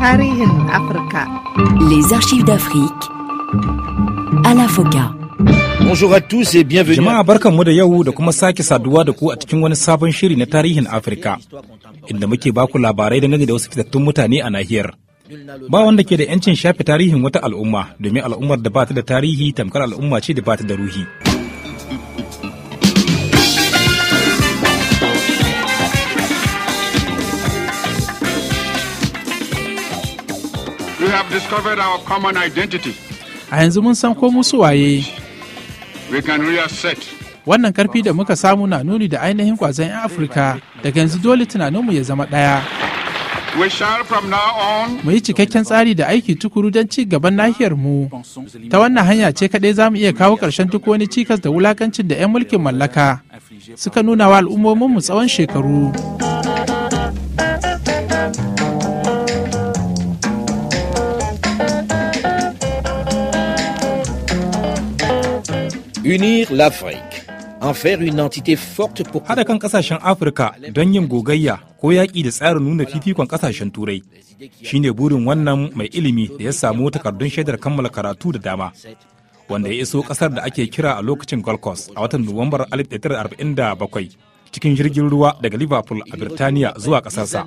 tarihin Afirka. Les archives d'Afrique à la Foka. Bonjour à tous et bienvenue. Jama'a barkanmu da yau da kuma sake saduwa da ku a cikin wani sabon shiri na tarihin Afirka inda muke baku labarai dangane da wasu fitattun mutane a nahiyar. Ba wanda ke da 'yancin shafe tarihin wata al'umma domin al'ummar da ba ta da tarihi tamkar al'umma ce da ba ta da ruhi. have discovered our identity. A yanzu mun san ko musu waye. We Wannan karfi da muka samu na nuni da ainihin kwazon 'yan Afirka daga yanzu dole tunaninmu ya zama ɗaya. Mu yi cikakken tsari da aiki tukuru don ci gaban nahiyar mu. Ta wannan hanya ce kaɗai za mu iya kawo ƙarshen duk wani cikas da wulakancin da 'yan mulkin mallaka suka nuna wa al'ummomin mu tsawon shekaru. Unir l'Afrique. En Haɗa kan ƙasashen Afirka don yin gogayya ko yaƙi da tsarin nuna fifikon ƙasashen Turai shi ne burin wannan mai ilimi da ya samu takardun shaidar kammala karatu da dama. Wanda ya iso ƙasar da ake kira a lokacin Gold Coast a watan Nuwambar 1947 cikin jirgin ruwa daga Liverpool a Birtaniya zuwa ƙasarsa.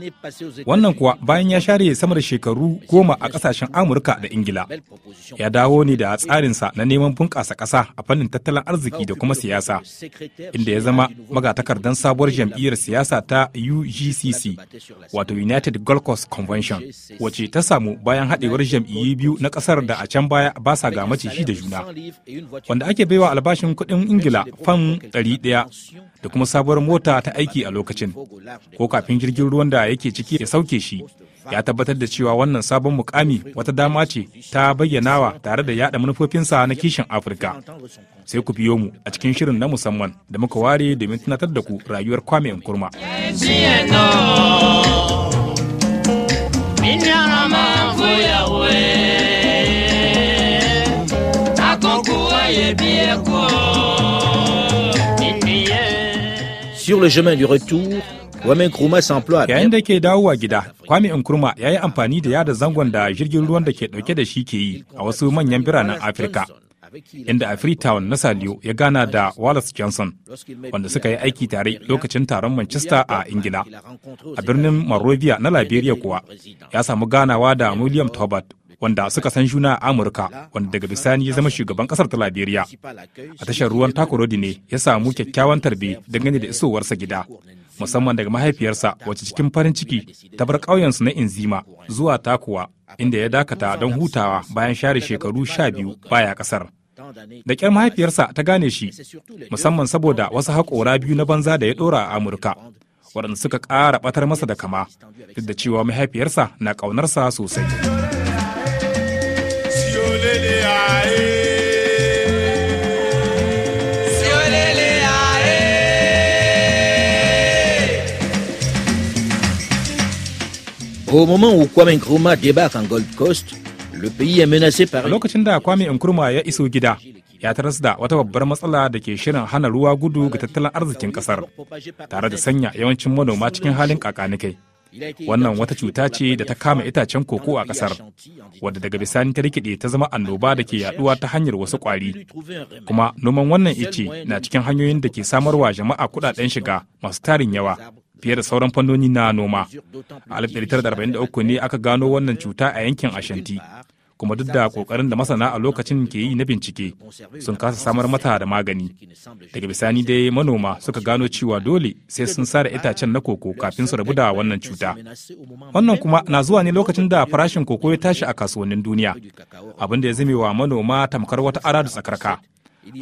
Wannan kuwa bayan ya share samar da shekaru goma a ƙasashen Amurka da Ingila. Ya dawo ne da tsarinsa na neman bunƙasa ƙasa a fannin tattalin arziki da kuma siyasa, inda ya zama magatakardan sabuwar jam'iyyar siyasa ta UGCC, wato United Gold Coast Convention, wacce ta samu bayan haɗewar jam'iyyu biyu na ƙasar da a can baya ba sa gamace shi da juna, wanda ake baiwa albashin kuɗin Ingila fam ɗari ɗaya da kuma sabuwar mota ta aiki a lokacin ko kafin jirgin ruwan da yake ciki ya sauke shi ya tabbatar da cewa wannan sabon mukami wata dama ce ta bayyanawa tare da yada manufofinsa na kishin afirka sai ku biyo mu a cikin shirin na musamman da muka ware domin tunatar da ku rayuwar kwame nkurma. Yayin da ke dawowa gida, Kwame Nkrumah ya yi amfani da yada zangon da jirgin ruwan da ke dauke da shi ke yi a wasu manyan biranen Afirka. Inda a Freetown na Saliyo ya gana da Wallace Johnson, wanda suka yi aiki tare lokacin taron Manchester a Ingila. A birnin Monrovia na Liberia kuwa, ya samu ganawa da William Tobert, wanda suka san juna a Amurka wanda daga bisani ya zama shugaban kasar ta Liberia. A tashar ruwan Takorodi ne ya samu kyakkyawan tarbe dangane da isowarsa gida. musamman daga mahaifiyarsa wacce cikin farin ciki ta bar ƙauyensu na inzima zuwa takuwa inda ya dakata don hutawa bayan share shekaru sha biyu baya kasar da ƙyar mahaifiyarsa ta gane shi musamman saboda wasu haƙora biyu na banza da ya ɗora a amurka waɗanda suka ƙara ɓatar masa da kama duk da cewa mahaifiyarsa na ƙaunarsa sosai. Au moment où Kwame Nkrumah débarque en Gold Coast, le pays est menacé par... A lokacin da Kwame Nkrumah ya iso gida, ya taras da wata babbar matsala da ke shirin hana ruwa gudu ga tattalin arzikin kasar, tare da sanya yawancin manoma cikin halin kakanikai. Wannan wata cuta ce da ta kama itacen koko a kasar wadda daga bisani ta rikide ta zama annoba da ke yaduwa ta hanyar wasu kwari Kuma noman wannan ice na cikin hanyoyin da ke samarwa jama'a kudaden shiga masu tarin yawa. fiye da sauran fannoni na noma. A 1943 ne aka gano wannan cuta a yankin Ashanti, kuma duk da kokarin da masana a lokacin ke yi na bincike sun kasa samar mata da magani daga bisani dai manoma suka gano cewa dole sai sun sare itacen na koko kafin su rabu da wannan cuta wannan kuma na zuwa ne lokacin da farashin koko ya tashi a kasuwannin duniya abin da ya zame wa manoma tamkar wata ara da tsakarka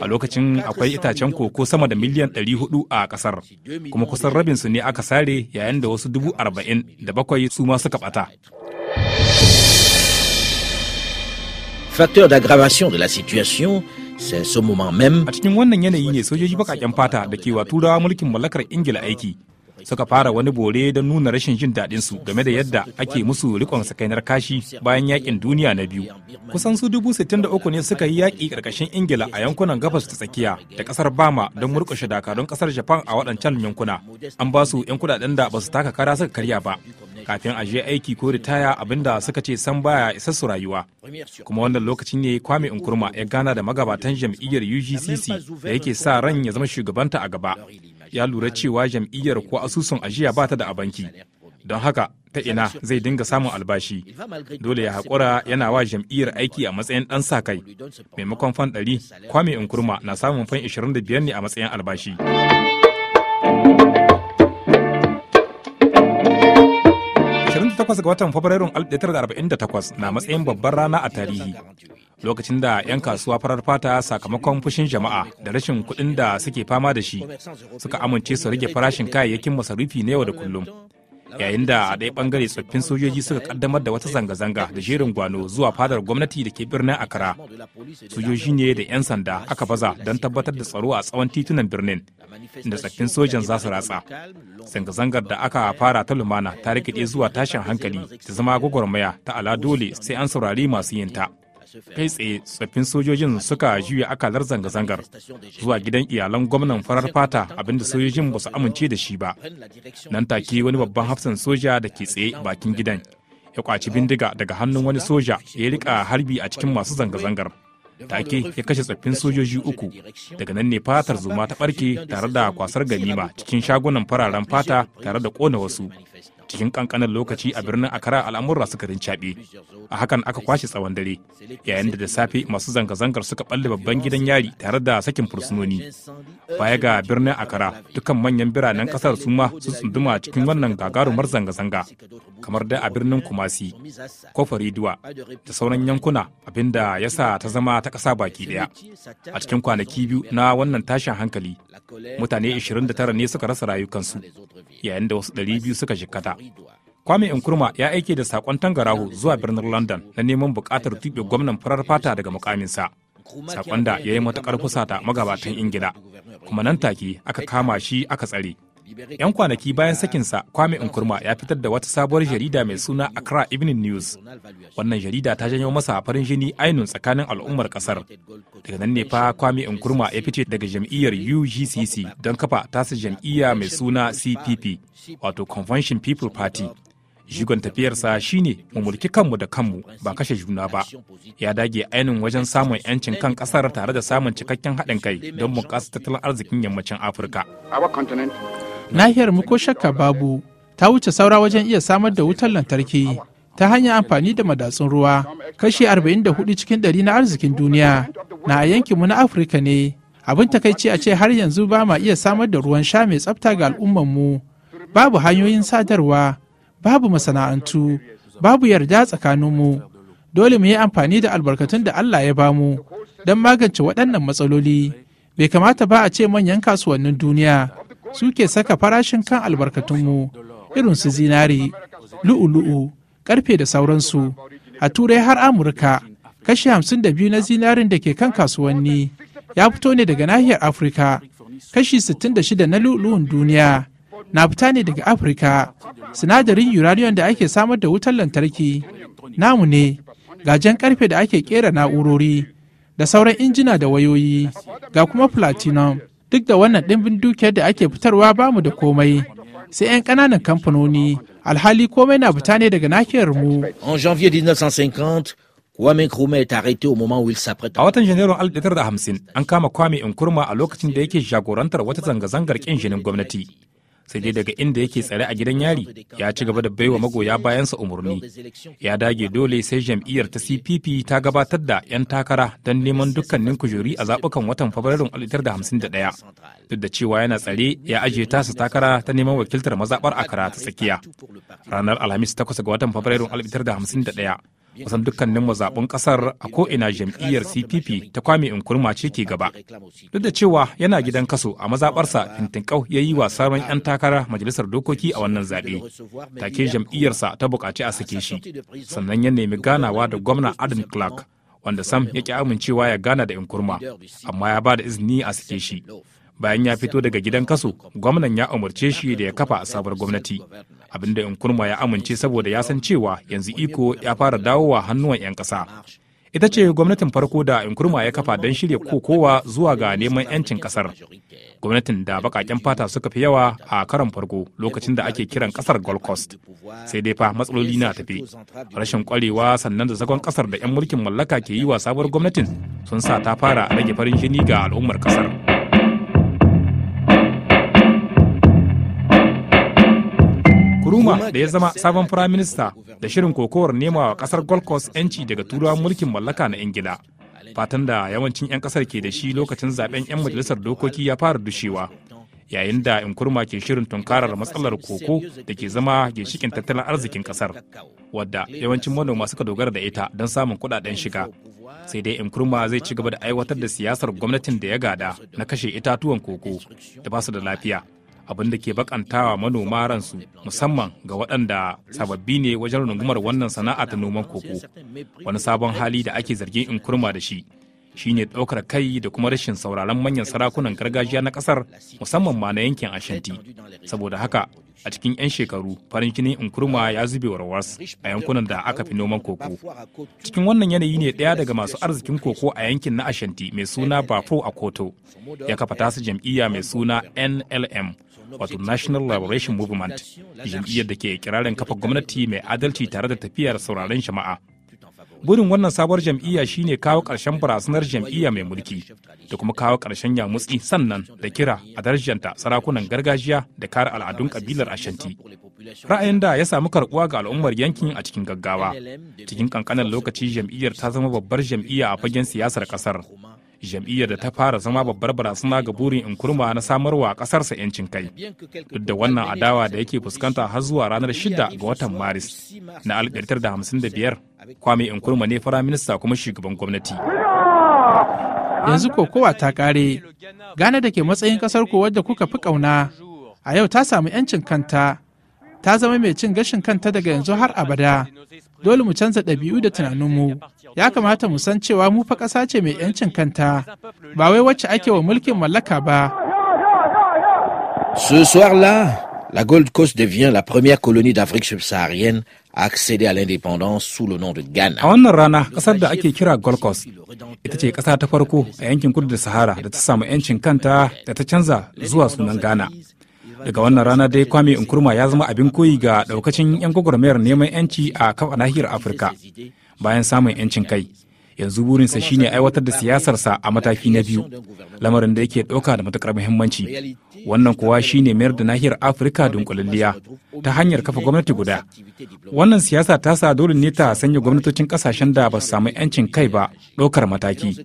a lokacin akwai itacen koko sama da miliyan 400 a kasar kuma kusan rabin su ne aka sare yayin da wasu dubu arba'in da bakwai suka bata facteur d'aggravation de la situation, c'est ce moment même. A cikin wannan yanayi ne sojoji baƙaƙen fata da ke wa turawa mulkin mallakar Ingila aiki suka fara wani bore don nuna rashin jin daɗin su game da yadda ake musu rikon sakainar kashi bayan yakin duniya na biyu kusan su dubu sittin da uku ne suka yi yaƙi ƙarƙashin ingila a yankunan gabas ta tsakiya da ƙasar bama don murƙushe dakarun ƙasar japan a waɗancan yankuna an ba su 'yan kuɗaɗen da ba su taka kara suka karya ba kafin a je aiki ko ritaya abinda suka ce san baya isa su rayuwa kuma wannan lokacin ne kwame nkurma ya gana da magabatan jam'iyyar ugcc da yake sa ran ya zama shugabanta a gaba ya lura cewa jam'iyyar ko asusun ajiya ba ta da a banki don haka ta ina zai dinga samun albashi dole ya haƙura yana wa jam'iyyar aiki a matsayin ɗan sa kai maimakon fan ɗari kwame nkurma na samun fan 25 ne a matsayin albashi takwas ga watan fabrairun 1948 na matsayin babbar rana a tarihi lokacin da 'yan kasuwa farar fata sakamakon fushin jama'a da rashin kuɗin da suke fama da shi suka amince su rage farashin kayayyakin masarufi na yau da kullum yayin da a ɗaya ɓangare tsoffin sojoji suka kaddamar da wata zanga-zanga da jerin gwano zuwa fadar gwamnati da ke birnin akara sojoji ne da 'yan sanda aka baza don tabbatar da tsaro a tsawon titunan birnin da tsoffin sojan za su ratsa zanga-zangar da aka fara ta lumana ta rikide zuwa tashin hankali ta zama gwagwarmaya ta ala dole sai an saurari masu yinta kai tsaye tsaffin sojojin suka juya akalar zanga-zangar zuwa gidan iyalan gwamnan farar fata abinda sojojin ba su amince da shi ba nan take wani babban hafsan soja da ke tsaye bakin gidan ya kwaci bindiga daga hannun wani soja ya rika harbi a cikin masu zanga-zangar take ya kashe tsaffin sojoji uku daga nan ne fatar zuma ta barke tare da kwasar ganima cikin shagunan fararen fata tare da kona wasu cikin kankanin lokaci a birnin akara al'amurra suka rincaɓe a hakan aka kwashe tsawon dare yayin da da safe masu zanga-zangar suka balle babban gidan yari tare da sakin fursunoni baya ga birnin akara dukkan manyan biranen kasar su ma sun tsunduma cikin wannan gagarumar zanga-zanga kamar da a birnin kumasi kofariduwa da sauran yankuna abinda ya sa ta zama ta ƙasa baki ɗaya a cikin kwanaki biyu na wannan tashin hankali mutane 29 ne suka rasa rayukansu yayin da wasu 200 suka jikkata Kwame Nkrumah ya aike da sakon tangarahu zuwa birnin London na neman bukatar tuɓe gwamnan farar fata daga mukaminsa. Sakon da ya yi matukar fusata magabatan Ingila, kuma nan take aka kama shi aka tsare. 'Yan kwanaki bayan sakinsa, Kwame Nkrumah ya fitar da wata sabuwar jarida mai suna Accra Evening News. Wannan jarida ta janyo masa farin jini ainun tsakanin al'ummar kasar. Daga nan ne fa Kwame Nkrumah ya fice daga jam'iyyar UGCC don kafa tasa jam'iyya mai suna CPP, wato Convention People Party. jigon tafiyarsa shine mu mulki kanmu da kanmu ba kashe juna ba ya dage ainin wajen samun yancin kan kasar tare da samun cikakken haɗin kai don bunƙasa tattalin arzikin yammacin afirka nahiyar mu ko shakka babu ta wuce saura wajen iya samar da wutar lantarki ta hanyar amfani da madatsun ruwa kashi 44 cikin ɗari na arzikin duniya na a yankinmu na afirka ne abin takaici a ce har yanzu ba ma iya samar da ruwan sha mai tsafta ga al'ummar mu, babu hanyoyin sadarwa babu masana'antu babu yarda tsakaninmu dole mu yi amfani da albarkatun da allah ya bamu don magance waɗannan matsaloli bai kamata ba a ce manyan kasuwannin duniya suke saka farashin kan albarkatunmu irin su zinari lu'ulu'u karfe da sauransu a turai har amurka kashi hamsin da biyu na zinarin da ke kan kasuwanni ya fito ne daga nahiyar afirka kashi sittin da shida na lu'ulu'un duniya na fita ne daga afirka sinadarin uranium da ake samar da wutar lantarki namu ne gajen karfe da ake kera na'urori da sauran injina da wayoyi ga kuma platinum duk da wannan ɗimbin dukiyar da ake fitarwa bamu da komai sai 'yan ƙananan kamfanoni alhali komai na fita ne daga nakiyar mu. A watan Janairun Kwame Nkrumah est arrêté A watan an kama Kwame Nkrumah a lokacin da yake jagorantar wata zanga-zangar ƙin jinin gwamnati. sai dai daga inda yake tsare a gidan yari ya ci gaba da baiwa magoya bayansa umarni ya dage dole sai jam'iyyar ta cpp ta gabatar da 'yan takara don neman dukkanin kujeri a zaɓukan watan fabrairun 1951 duk da cewa yana tsare ya ajiye tasa takara ta neman wakiltar mazaɓar akara ta tsakiya ranar alhamis 8 ga watan fabrairun 1951 kusan dukkanin mazaɓun ƙasar a ko'ina jam'iyyar cpp ta kwame nkurma ce ke gaba duk da cewa yana gidan kaso a mazaɓarsa fintinkau ya yi wa sauran 'yan takara majalisar dokoki a wannan zaɓe take jam'iyyarsa ta buƙaci a sake shi sannan ya nemi ganawa da gwamna adam clark wanda sam ya ƙi amincewa ya gana da nkurma amma ya ba da izini a sake shi bayan ya fito daga gidan kaso gwamnan ya umarce shi da ya kafa a sabuwar gwamnati abinda Nkrumah ya amince saboda ya san cewa yanzu iko ya fara dawowa hannuwan 'yan ƙasa. Ita ce gwamnatin farko da Nkrumah ya kafa don shirya kokowa zuwa ga neman 'yancin ƙasar. Gwamnatin da baƙaƙen fata suka fi yawa a karon farko lokacin da ake kiran ƙasar Gold Coast. Sai dai fa matsaloli na tafi. Rashin ƙwarewa sannan da zagon ƙasar da 'yan mulkin mallaka ke yi wa sabuwar gwamnatin sun sa ta fara rage farin jini ga al'ummar ƙasar. Nkuruma da ya zama sabon firaminista da shirin kokowar nema wa kasar Gold Coast 'yanci daga turawan mulkin mallaka na Ingila. Fatan da yawancin 'yan kasar ke da shi lokacin zaben 'yan majalisar dokoki ya fara dushewa. Yayin da Nkuruma ke shirin tunkarar matsalar koko da ke zama ginshikin tattalin arzikin kasar, wadda yawancin manoma suka dogara da ita don samun kuɗaɗen shiga. sai dai inkurma zai ci gaba da aiwatar da siyasar gwamnatin da ya gada na kashe itatuwan koko da basu da lafiya abin da ke bakantawa manoma ransu musamman ga waɗanda sababbi ne wajen rungumar wannan sana'a ta noman koko wani sabon hali da ake zargin in kurma da shi shine ɗaukar kai da kuma rashin sauraron manyan sarakunan gargajiya na ƙasar musamman ma na yankin ashanti saboda haka a cikin 'yan shekaru farin jini nkurma ya zube warwas a yankunan da aka fi noman koko cikin wannan yanayi ne ɗaya daga masu arzikin koko a yankin na ashanti mai suna bafo a koto ya kafa tasu jam'iyya mai suna nlm wato national liberation movement jam'iyyar da ke kirarin kafa gwamnati mai adalci tare da tafiyar sauraron jama'a burin wannan sabuwar jam'iyya ne kawo ƙarshen barazanar jam'iyya mai mulki da kuma kawo ƙarshen yamutsi sannan da kira a darajanta sarakunan gargajiya da kare al'adun kabilar ashanti ra'ayin da ya samu karɓuwa ga al'ummar yankin a cikin gaggawa cikin kankanin lokaci jam'iyyar ta zama babbar jam'iyya a fagen siyasar ƙasar jam'iyyar da ta fara zama babbar barazana ga burin kurma na samarwa kasarsa 'yancin kai duk da wannan adawa da yake fuskanta har zuwa ranar 6 ga watan maris na da 1955 kwame kurma ne firaminista kuma shugaban gwamnati yanzu kokowa ta kare gane da ke matsayin kasar ku wadda kuka fi kauna a yau ta samu 'yancin kanta ta zama mai cin gashin kanta daga yanzu har abada dole mu canza ɗabi'u da tunaninmu ya kamata mu san cewa mu fa ƙasa ce mai 'yancin kanta ba wai wacce ake wa mulkin mallaka ba Ce soir-là, la Gold Coast devient la première colonie d'Afrique subsaharienne accéder à l'indépendance sous le nom de Ghana. A wannan rana, kasar da ake kira Gold Coast ita ce kasa ta farko a yankin kudu da Sahara da ta samu 'yancin kanta da ta canza zuwa sunan Ghana. daga wannan rana dai kwame nkrumah ya zama abin koyi ga daukacin 'yan gwagwarmayar neman 'yanci a kafa nahiyar afirka bayan samun 'yancin kai yanzu burinsa shine aiwatar da siyasarsa a mataki na biyu lamarin da yake ɗauka da matuƙar muhimmanci wannan kuwa shine mayar da nahiyar afirka dunkulalliya ta hanyar kafa gwamnati guda wannan siyasa ta sa dole ne ta sanya gwamnatocin kasashen da ba su samu 'yancin kai ba ɗaukar mataki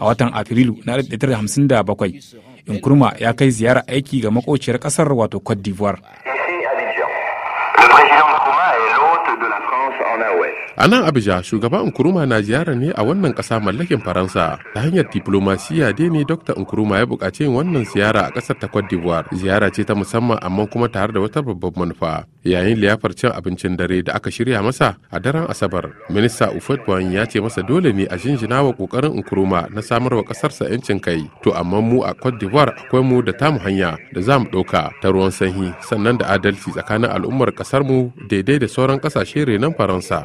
a watan afrilu na 1957 Nkrumah ya kai ziyara aiki ga makociyar ƙasar wato Cote d'Ivoire. A nan Abuja, shugaba Nkuruma na ziyara ne a wannan ƙasa mallakin Faransa. Ta hanyar diplomasiya dai ne Dr. Nkuruma ya buƙaci yin wannan ziyara a ƙasar ta Cote d'Ivoire. Ziyara ce ta musamman amma kuma tare da wata babbar manufa. Yayin liyafar cin abincin dare da aka shirya masa a daren Asabar, Minista Ufot Bwan ya ce masa dole ne a jinjina wa ƙoƙarin Nkuruma na samar wa ƙasarsa 'yancin kai. To amma mu a Cote d'Ivoire akwai mu da tamu hanya da za mu ɗauka ta ruwan sanyi sannan da adalci tsakanin al'ummar mu daidai da sauran ƙasashe renon Faransa.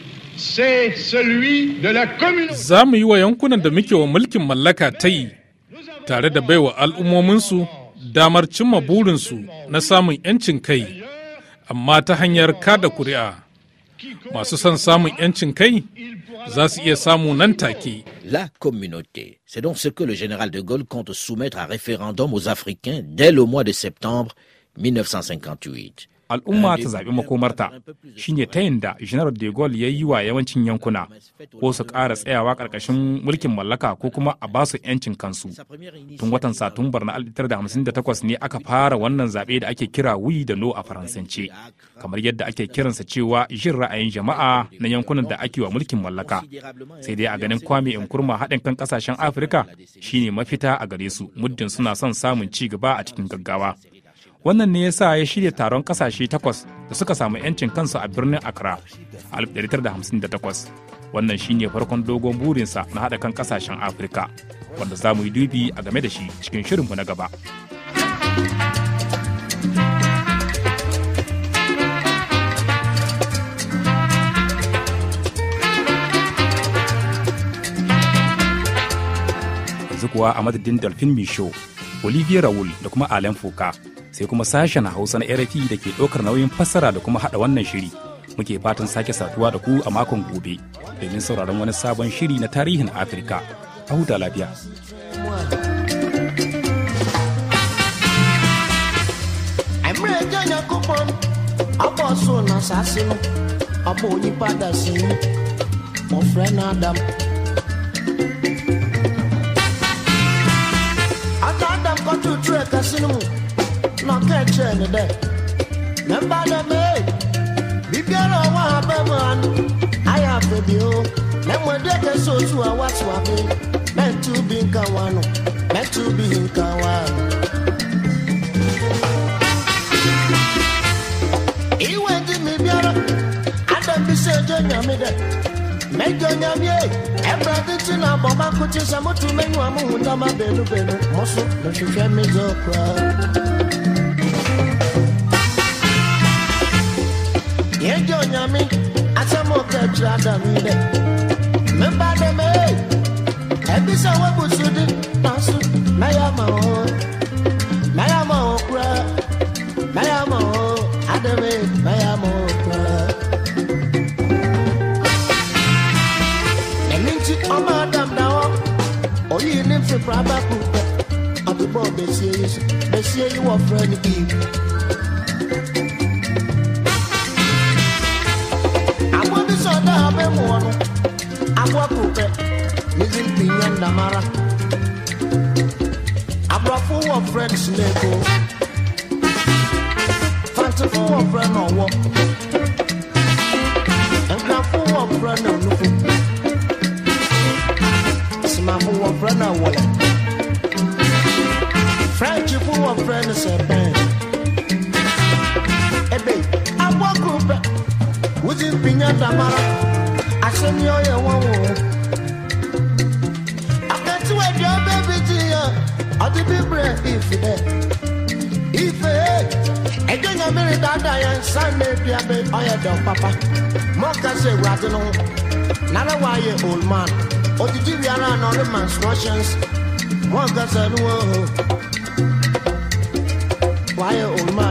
Za mu yi wa yankunan da muke wa mulkin mallaka ta yi tare da baiwa al'ummominsu damar cimma burinsu na samun 'yancin kai, amma ta hanyar kada kuri'a. Masu son samun 'yancin kai za su iya samu nan take. La communauté, c'est donc ce que le général de Gaulle compte soumettre à référendum aux Africains dès le mois de septembre 1958. al'umma ta zaɓi makomarta shine ta da general de gaulle ya yi wa yawancin yankuna ko su ƙara tsayawa ƙarƙashin mulkin mallaka ko kuma a basu 'yancin kansu tun watan satumbar na 1958 ne aka fara wannan zaɓe da ake kira wi da no a faransance kamar yadda ake kiransa cewa jin ra'ayin jama'a na yankunan da ake wa mulkin mallaka sai dai a ganin kwame kurma haɗin kan ƙasashen afirka shine mafita a gare su muddin suna son samun ci gaba a cikin gaggawa wannan ne ya sa ya shirya taron kasashe takwas da suka samu 'yancin kansu a birnin accra a 1958 wannan shine farkon dogon burinsa na haɗa kan kasashen afirka wanda za mu yi dubi a game da shi cikin shirinmu na gaba zukuwa a madadin dolphin misho olivier raoul da kuma alain fuka sai kuma sashen hausa na rfi da ke ɗaukar nauyin fassara da kuma haɗa wannan shiri muke fatan sake saduwa da ku a makon gobe domin sauraron wani sabon shiri na tarihin afirka a huta lafiya ọmọ onípadà mu. not catch any day. Remember the maid, be better one man. I have the bill. Then when they get so to a watch what me, meant to be in Kawano, oh. meant to be in Kawano. He went eh? in yɛgye nyami, asɛm ɔka akyirɛ adam yi dɛ memba dɛ me ɛbi sɛ woabusu de naso mɛyɛ ama wɔ mɛyɛ ama wɔ koraa mɛyɛ ama wɔ adam e mɛyɛ ama wɔ koraa ɛno nti ɔma adam da hɔ ɔyii ne mfepra ba ko pɛ abebɔ bɛsie yi so bɛsie yi wa kuke nizil pinyan damara abrafo wa fred snake o fantifo wa fred nọwọ nkrafo of fred nanufu simafo wa fred nawọ frenchifo wa fred sẹpẹn ebe awọ kuke nizil pinyan damara send I got to wait your baby to you. I'll be brave if you there. If I get a that I am Sunday, baby, I am Papa. Mocha say, Rattle, not a wire old man. Or did you be around all the man's said, Whoa, wire old man.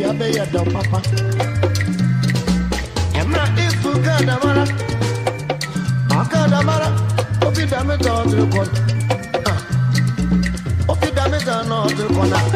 nti abɛyɛ dɔ papa ɛmra ifu ka damara maka damara obi dame ta ɔdere kɔ obi dame ta